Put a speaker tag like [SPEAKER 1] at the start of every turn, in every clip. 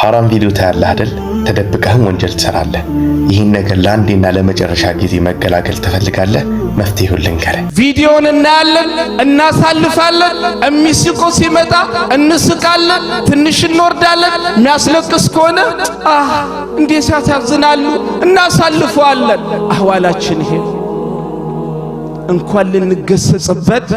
[SPEAKER 1] ሐራም ቪዲዮ ታያለህ አይደል? ተደብቀህም ወንጀል ትሰራለህ። ይህን ነገር ለአንዴና ለመጨረሻ ጊዜ መገላገል ትፈልጋለህ? መፍትሄውን ልንገርህ።
[SPEAKER 2] ቪዲዮን እናያለን፣ እናሳልፋለን። የሚስቆ ሲመጣ እንስቃለን፣ ትንሽ እንወርዳለን። የሚያስለቅስ ከሆነ እንዴት ያሳዝናሉ፣ እናሳልፈዋለን። አህዋላችን ይሄ እንኳን ልንገሰጽበት፣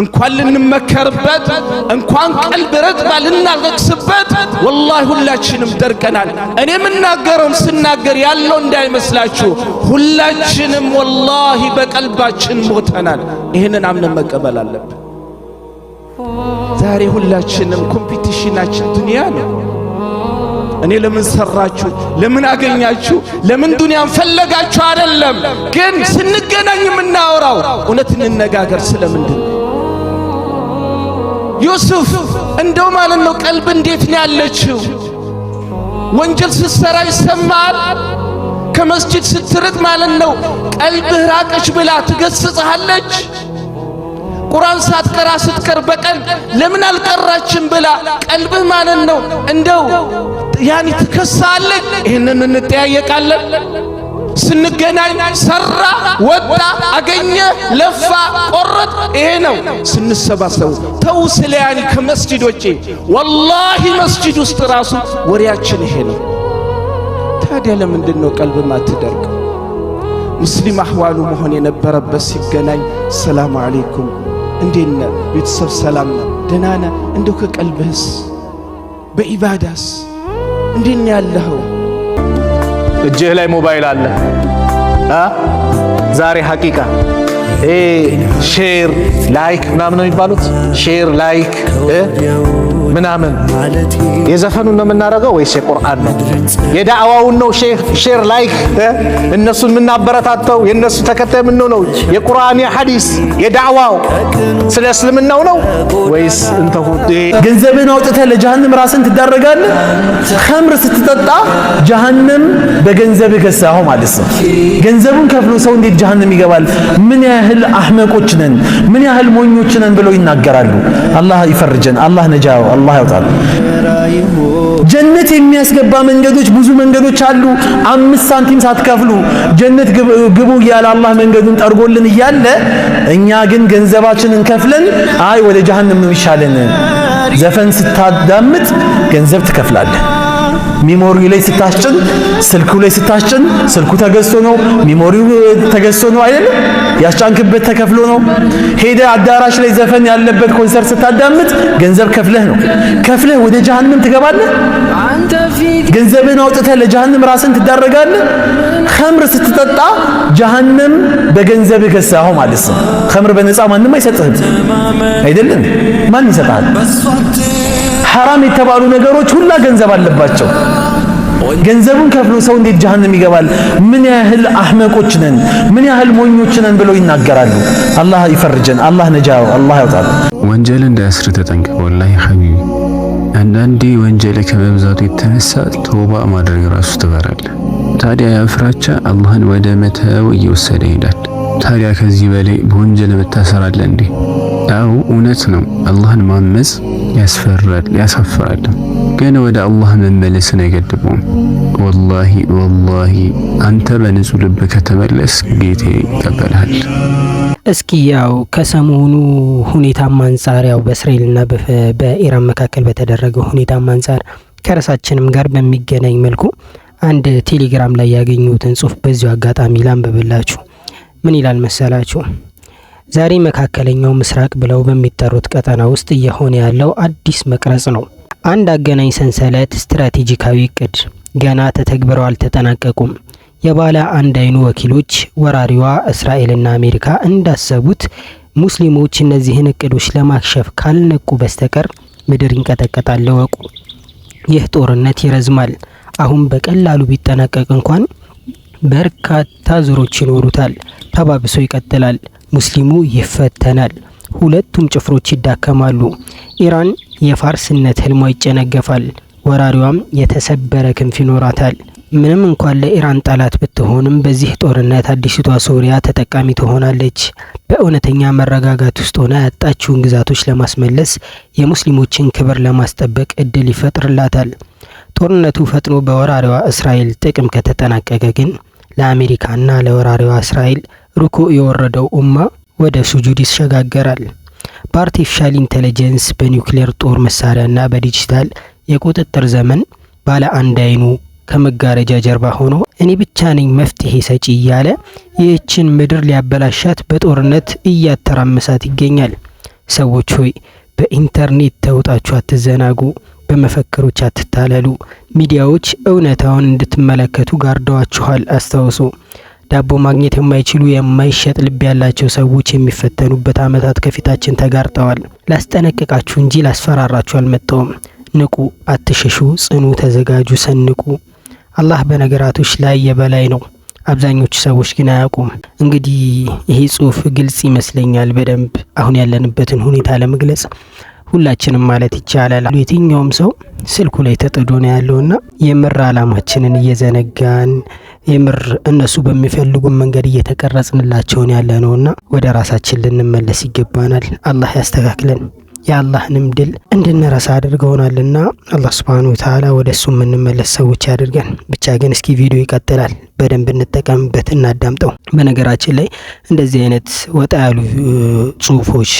[SPEAKER 2] እንኳን ልንመከርበት፣ እንኳን ቀልብ ረጥባ ልናለቅስበት ወላሂ ሁላችንም ደርቀናል። እኔ የምናገረውን ስናገር ያለው እንዳይመስላችሁ፣ ሁላችንም ወላሂ በቀልባችን ሞተናል። ይህንን አምነን መቀበል አለብን። ዛሬ ሁላችንም ኮምፒቲሽናችን ዱንያ ነው። እኔ ለምን ሰራችሁ፣ ለምን አገኛችሁ፣ ለምን ዱንያን ፈለጋችሁ አይደለም። ግን ስንገናኝ የምናወራው እውነት እንነጋገር ስለምንድን ነው? እንደው ማለት ነው ቀልብ እንዴት ነው ያለችው? ወንጀል ስትሰራ ይሰማል። ከመስጂድ ስትርቅ ማለት ነው ቀልብህ ራቀች ብላ ትገስጽሃለች። ቁርአን ሳትቀራ ስትቀር በቀን ለምን አልቀራችም ብላ ቀልብህ ማንን ነው እንደው ያን ትከሳለ ይህንን እንጠያየቃለን። ስንገናኝ ሰራ፣ ወጣ፣ አገኘ፣ ለፋ፣ ቆረጥ፣ ይሄ ነው ስንሰባሰቡ። ተው ስለ ከመስጂድ ወጪ፣ ወላሂ መስጂድ ውስጥ ራሱ ወሬያችን ይሄ ነው። ታዲያ ለምንድን ነው ቀልብ ማትደርቅ? ሙስሊም አህዋሉ መሆን የነበረበት ሲገናኝ ሰላም አለይኩም እንዴት ቤተሰብ ሰላም ነው? ደህና ነህ? እንደው ከቀልብህስ በኢባዳስ እንዴት ነው ያለኸው? እጅህ ላይ ሞባይል አለ አ ዛሬ ሐቂቃ ሼር ላይክ ምናምን ነው የሚባሉት ሼር ላይክ ምናምን የዘፈኑን ነው የምናደርገው ወይስ የቁርአን ነው? የዳዕዋውን ነው ሼር ላይክ እነሱን የምናበረታተው የእነሱ ተከታይ የምንሆነው ነው? የቁርአን የሐዲስ የዳዕዋው ስለ እስልምናው ነው ወይስ እንተሁ ገንዘብን አውጥተህ ለጀሃንም ራስን ትዳረጋለህ። ኸምር ስትጠጣ ጀሃንም በገንዘብ ገሳኸው ማለት ነው። ገንዘቡን ከፍሎ ሰው እንዴት ጀሃንም ይገባል? ምን ያህል አህመቆች ነን፣ ምን ያህል ሞኞች ነን ብለው ይናገራሉ። አላህ ይፈርጀን። አላህ ነጃው አላህ ያውጣል። ጀነት የሚያስገባ መንገዶች ብዙ መንገዶች አሉ። አምስት ሳንቲም ሳትከፍሉ ጀነት ግቡ እያለ አላህ መንገዱን ጠርጎልን እያለ እኛ ግን ገንዘባችንን ከፍለን አይ ወደ ጀሀነም ነው ይሻለን። ዘፈን ስታዳምጥ ገንዘብ ትከፍላለህ። ሚሞሪው ላይ ስታስጭን፣ ስልኩ ላይ ስታስጭን፣ ስልኩ ተገዝቶ ነው ሚሞሪው ተገዝቶ ነው አይደለም ያስጫንክበት ተከፍሎ ነው። ሄደ አዳራሽ ላይ ዘፈን ያለበት ኮንሰርት ስታዳምጥ ገንዘብ ከፍለህ ነው። ከፍለህ ወደ ጀሃንም ትገባለህ። ገንዘብን አውጥተህ ለጀሃንም ራስን ትዳረጋለህ። ኸምር ስትጠጣ ጀሃንም በገንዘብህ ገዛኸው ማለት ነው። ኸምር በነፃ ማንም አይሰጥህም አይደለም። ማን ይሰጣል? ሐራም የተባሉ ነገሮች ሁላ ገንዘብ አለባቸው። ገንዘቡን ከፍሎ ሰው እንዴት ጀሃነም ይገባል? ምን ያህል አህመቆች ነን፣ ምን ያህል ሞኞች ነን ብለው ይናገራሉ። አላህ ይፈርጀን፣ አላህ ነጃው፣ አላህ ያውጣል።
[SPEAKER 3] ወንጀል እንዳያስር ተጠንቀቅ። ወላሂ ሐቢቢ፣ አንዳንዴ ወንጀል ከመብዛቱ የተነሳ ተውባ ማድረግ ራሱ ትበራለህ። ታዲያ ያፍራቻ አላህን ወደ መተው እየወሰደ ይሄዳል። ታዲያ ከዚህ በላይ በወንጀል መታሰር እንዴ? አዎ እውነት ነው፣ አላህን ማመጽ ያስፈራል፣ ያሳፍራል። ግን ወደ አላህ መመለስን አይገድበውም። ወላሂ ወላሂ አንተ በንጹህ ልብ ከተመለስ ጌቴ ይቀበልሃል።
[SPEAKER 4] እስኪ ያው ከሰሞኑ ሁኔታም አንጻር ያው በእስራኤልና በኢራን መካከል በተደረገው ሁኔታም አንጻር ከራሳችንም ጋር በሚገናኝ መልኩ አንድ ቴሌግራም ላይ ያገኙትን ጽሁፍ በዚሁ አጋጣሚ ላንብብላችሁ። ምን ይላል መሰላችሁ? ዛሬ መካከለኛው ምስራቅ ብለው በሚጠሩት ቀጠና ውስጥ እየሆነ ያለው አዲስ መቅረጽ ነው። አንድ አገናኝ ሰንሰለት ስትራቴጂካዊ እቅድ ገና ተተግብረው አልተጠናቀቁም። የባለ አንድ አይኑ ወኪሎች ወራሪዋ እስራኤልና አሜሪካ እንዳሰቡት ሙስሊሞች እነዚህን እቅዶች ለማክሸፍ ካልነቁ በስተቀር ምድር ይንቀጠቀጣል። ለወቁ ይህ ጦርነት ይረዝማል። አሁን በቀላሉ ቢጠናቀቅ እንኳን በርካታ ዙሮች ይኖሩታል። ተባብሶ ይቀጥላል። ሙስሊሙ ይፈተናል። ሁለቱም ጭፍሮች ይዳከማሉ። ኢራን የፋርስነት ህልሟ ይጨነገፋል። ወራሪዋም የተሰበረ ክንፍ ይኖራታል። ምንም እንኳን ለኢራን ጠላት ብትሆንም በዚህ ጦርነት አዲስቷ ሶሪያ ተጠቃሚ ትሆናለች። በእውነተኛ መረጋጋት ውስጥ ሆና ያጣችውን ግዛቶች ለማስመለስ የሙስሊሞችን ክብር ለማስጠበቅ እድል ይፈጥርላታል። ጦርነቱ ፈጥኖ በወራሪዋ እስራኤል ጥቅም ከተጠናቀቀ ግን ለአሜሪካና ለወራሪዋ እስራኤል ሩኩዕ የወረደው ኡማ ወደ ሱጁድ ይሸጋገራል። በአርቲፊሻል ኢንቴሊጀንስ በኒውክሌር ጦር መሳሪያና በዲጂታል የቁጥጥር ዘመን ባለ አንድ አይኑ ከመጋረጃ ጀርባ ሆኖ እኔ ብቻ ነኝ መፍትሄ ሰጪ እያለ ይህችን ምድር ሊያበላሻት በጦርነት እያተራመሳት ይገኛል። ሰዎች ሆይ በኢንተርኔት ተውጣችሁ አትዘናጉ፣ በመፈክሮች አትታለሉ። ሚዲያዎች እውነታውን እንድትመለከቱ ጋርደዋችኋል። አስታውሱ። ዳቦ ማግኘት የማይችሉ የማይሸጥ ልብ ያላቸው ሰዎች የሚፈተኑበት ዓመታት ከፊታችን ተጋርጠዋል። ላስጠነቅቃችሁ እንጂ ላስፈራራችሁ አልመጣውም። ንቁ፣ አትሸሹ፣ ጽኑ፣ ተዘጋጁ፣ ሰንቁ። አላህ በነገራቶች ላይ የበላይ ነው። አብዛኞቹ ሰዎች ግን አያውቁም። እንግዲህ ይሄ ጽሁፍ ግልጽ ይመስለኛል በደንብ አሁን ያለንበትን ሁኔታ ለመግለጽ ሁላችንም ማለት ይቻላል የትኛውም ሰው ስልኩ ላይ ተጥዶ ነው ያለውና የምር አላማችንን እየዘነጋን የምር እነሱ በሚፈልጉን መንገድ እየተቀረጽንላቸውን ያለ ነውና ወደ ራሳችን ልንመለስ ይገባናል። አላህ ያስተካክለን። የአላህንም ድል እንድንረሳ አድርገውናልና አላህ ስብሓን ወተዓላ ወደ እሱ የምንመለስ ሰዎች ያድርገን። ብቻ ግን እስኪ ቪዲዮ ይቀጥላል፣ በደንብ እንጠቀምበት፣ እናዳምጠው። በነገራችን ላይ እንደዚህ አይነት ወጣ ያሉ ጽሁፎች፣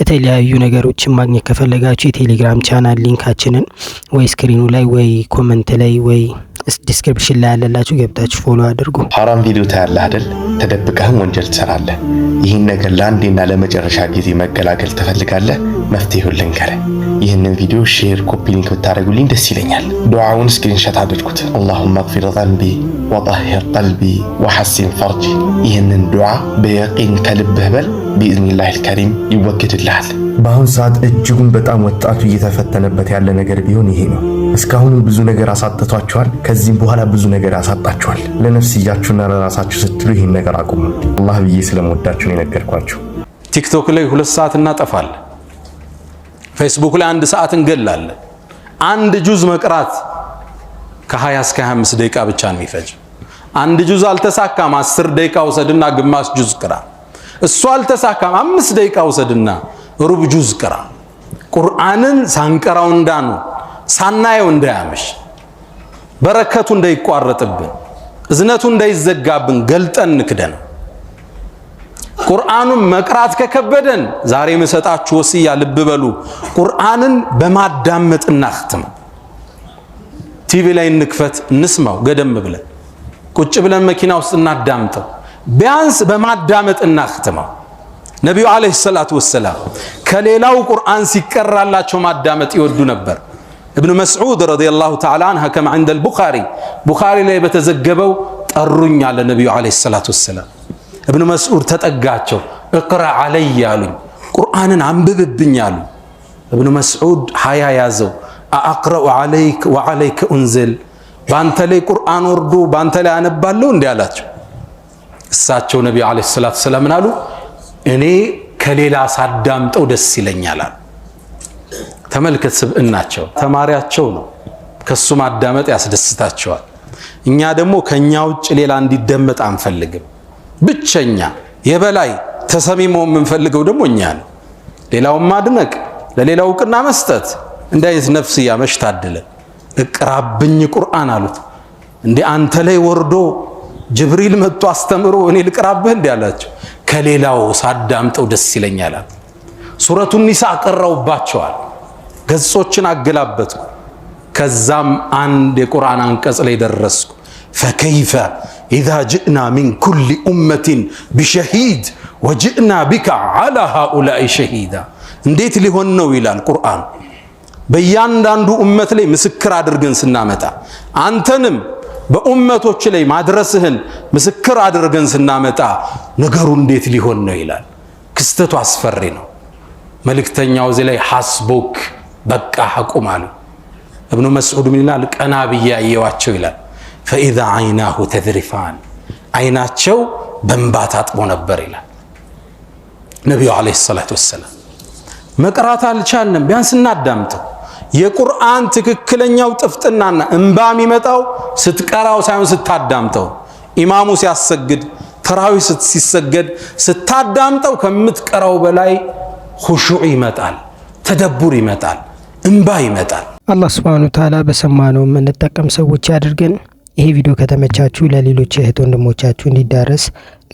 [SPEAKER 4] የተለያዩ ነገሮችን ማግኘት ከፈለጋችሁ የቴሌግራም ቻናል ሊንካችንን ወይ ስክሪኑ ላይ ወይ ኮመንት ላይ ወይ ዲስክሪፕሽን ላይ ያለላችሁ ገብታችሁ ፎሎ አድርጉ።
[SPEAKER 1] ሀራም ቪዲዮ ታያለህ አይደል? ተደብቀህም ወንጀል ትሰራለህ። ይህን ነገር ለአንዴና ለመጨረሻ ጊዜ መገላገል ትፈልጋለህ? መፍትሄውን ከረ ይህንን ቪዲዮ ሼር፣ ኮፒ ሊንክ ብታደርጉልኝ ደስ ይለኛል። ዱዓውን ስክሪንሾት አድርጉት። አላሁመ አግፊር ዘንቢ ወጣሂር ቀልቢ ወሐሲን ፈርጂ። ይህንን ዱዓ በየቂን ከልብህ በል። ቢኢዝኒላህ ልከሪም ይወገድልሃል።
[SPEAKER 5] በአሁኑ ሰዓት እጅጉን በጣም ወጣቱ እየተፈተነበት ያለ ነገር ቢሆን ይሄ ነው። እስካሁንም ብዙ ነገር አሳጥቷቸዋል። ከዚህም በኋላ ብዙ ነገር ያሳጣቸዋል። ለነፍስያችሁና ለራሳችሁ ስትሉ ይህን ነገር አቁሙ። አላህ ብዬ ስለመወዳችሁ ነው የነገርኳችሁ።
[SPEAKER 2] ቲክቶክ ላይ ሁለት ሰዓት እናጠፋለን። ፌስቡክ ላይ አንድ ሰዓት እንገላለን። አንድ ጁዝ መቅራት ከ20 እስከ 25 ደቂቃ ብቻ ነው የሚፈጅ። አንድ ጁዝ አልተሳካም፣ 10 ደቂቃ ውሰድና ግማሽ ጁዝ ቅራ። እሱ አልተሳካም፣ አምስት ደቂቃ ውሰድና ሩብ ጁዝ ቅራ። ቁርአንን ሳንቀራው እንዳኑ ሳናየው እንዳያመሽ በረከቱ እንዳይቋረጥብን እዝነቱ እንዳይዘጋብን ገልጠን ንክደነው። ቁርአኑን መቅራት ከከበደን ዛሬ መሰጣችሁ ወስያ ልብ በሉ። ቁርአንን በማዳመጥ ኽትመው። ቲቪ ላይ እንክፈት እንስማው፣ ገደም ብለን ቁጭ ብለን መኪና ውስጥ እናዳምጠው። ቢያንስ በማዳመጥ እናክትመው ነቢዩ ዓለይሂ ሰላቱ ወሰላም ከሌላው ቁርአን ሲቀራላቸው ማዳመጥ ይወዱ ነበር። እብኑ መስዑድ ረዲየላሁ ተዓላ አንሁ ከማ ዐንደል ቡኻሪ ቡኻሪ ላይ በተዘገበው ጠሩኝ አለ ነቢዩ ዓለይሂ ሰላቱ ወሰላም እብን መስዑድ ተጠጋቸው። እቅረ አለይ አሉኝ፣ ቁርአንን አንብብብኝ አሉ። እብን መስዑድ ሀያ ያዘው። አአቅረኡ አለይክ ወአለይከ ኡንዝል፣ በአንተ ላይ ቁርአን ወርዶ በአንተ ላይ አነባለሁ እንዲ አላቸው። እሳቸው ነቢዩ ዓለይሂ ሰላቱ ወሰላም አሉ፣ እኔ ከሌላ ሳዳምጠው ደስ ይለኛል አሉ። ተመልከት፣ ስብእናቸው ተማሪያቸው ነው። ከሱ ማዳመጥ ያስደስታቸዋል። እኛ ደግሞ ከኛ ውጭ ሌላ እንዲደመጥ አንፈልግም። ብቸኛ የበላይ ተሰሚ መሆን የምንፈልገው ደግሞ እኛ ነው። ሌላውን ማድነቅ፣ ለሌላው እውቅና መስጠት እንደ አይነት ነፍስ እያመሽ ታደለ እቅራብኝ ቁርአን አሉት። እንደ አንተ ላይ ወርዶ ጅብሪል መጥቶ አስተምሮ እኔ ልቅራብህ እንዲ አላቸው። ከሌላው ሳዳምጠው ደስ ይለኛል አሉ። ሱረቱን ኒሳ ቀረውባቸዋል። ገጾችን አገላበጥኩ። ከዛም አንድ የቁርአን አንቀጽ ላይ ደረስኩ። ፈከይፈ ኢዛ ጅእና ሚን ኩሊ ኡመትን ቢሸሂድ ወጅእና ቢከ ዓላ ሃኡላኢ ሸሂዳ እንዴት ሊሆን ነው ይላል ቁርአን። በእያንዳንዱ እመት ላይ ምስክር አድርገን ስናመጣ አንተንም በኡመቶች ላይ ማድረስህን ምስክር አድርገን ስናመጣ ነገሩ እንዴት ሊሆን ነው ይላል። ክስተቱ አስፈሪ ነው። መልእክተኛው እዚህ ላይ ሐስቦክ በቃ አቁም አሉ። እብኑ መስዑድ ምን ይላል? ቀና ብዬ አየዋቸው ይላል ፈኢዛ አይናሁ ተዝሪፋን አይናቸው በእንባ ታጥቦ ነበር ይላል ነቢዩ ዓለይሂ ሰላቱ ወሰላም። መቅራት አልቻልንም፣ ቢያንስ እናዳምጠው። የቁርአን ትክክለኛው ጥፍጥናና እንባ የሚመጣው ስትቀራው ሳይሆን ስታዳምጠው። ኢማሙ ሲያሰግድ፣ ተራዊህ ሲሰገድ ስታዳምጠው ከምትቀራው በላይ ሁሹዕ ይመጣል፣ ተደቡር ይመጣል፣ እንባ ይመጣል።
[SPEAKER 4] አላህ ስብሓነሁ ወተዓላ በሰማነው የምንጠቀም ሰዎች ያድርገን። ይሄ ቪዲዮ ከተመቻችሁ ለሌሎች እህት ወንድሞቻችሁ እንዲዳረስ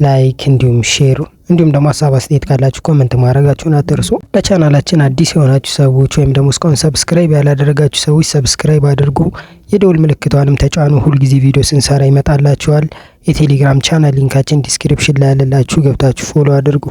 [SPEAKER 4] ላይክ፣ እንዲሁም ሼር፣ እንዲሁም ደግሞ ሀሳብ አስተያየት ካላችሁ ኮመንት ማድረጋችሁን አትርሱ። ለቻናላችን አዲስ የሆናችሁ ሰዎች ወይም ደግሞ እስካሁን ሰብስክራይብ ያላደረጋችሁ ሰዎች ሰብስክራይብ አድርጉ። የደውል ምልክቷንም ተጫኑ። ሁልጊዜ ቪዲዮ ስንሰራ ይመጣላችኋል። የቴሌግራም ቻናል ሊንካችን ዲስክሪፕሽን ላይ ያለላችሁ ገብታችሁ ፎሎ አድርጉ።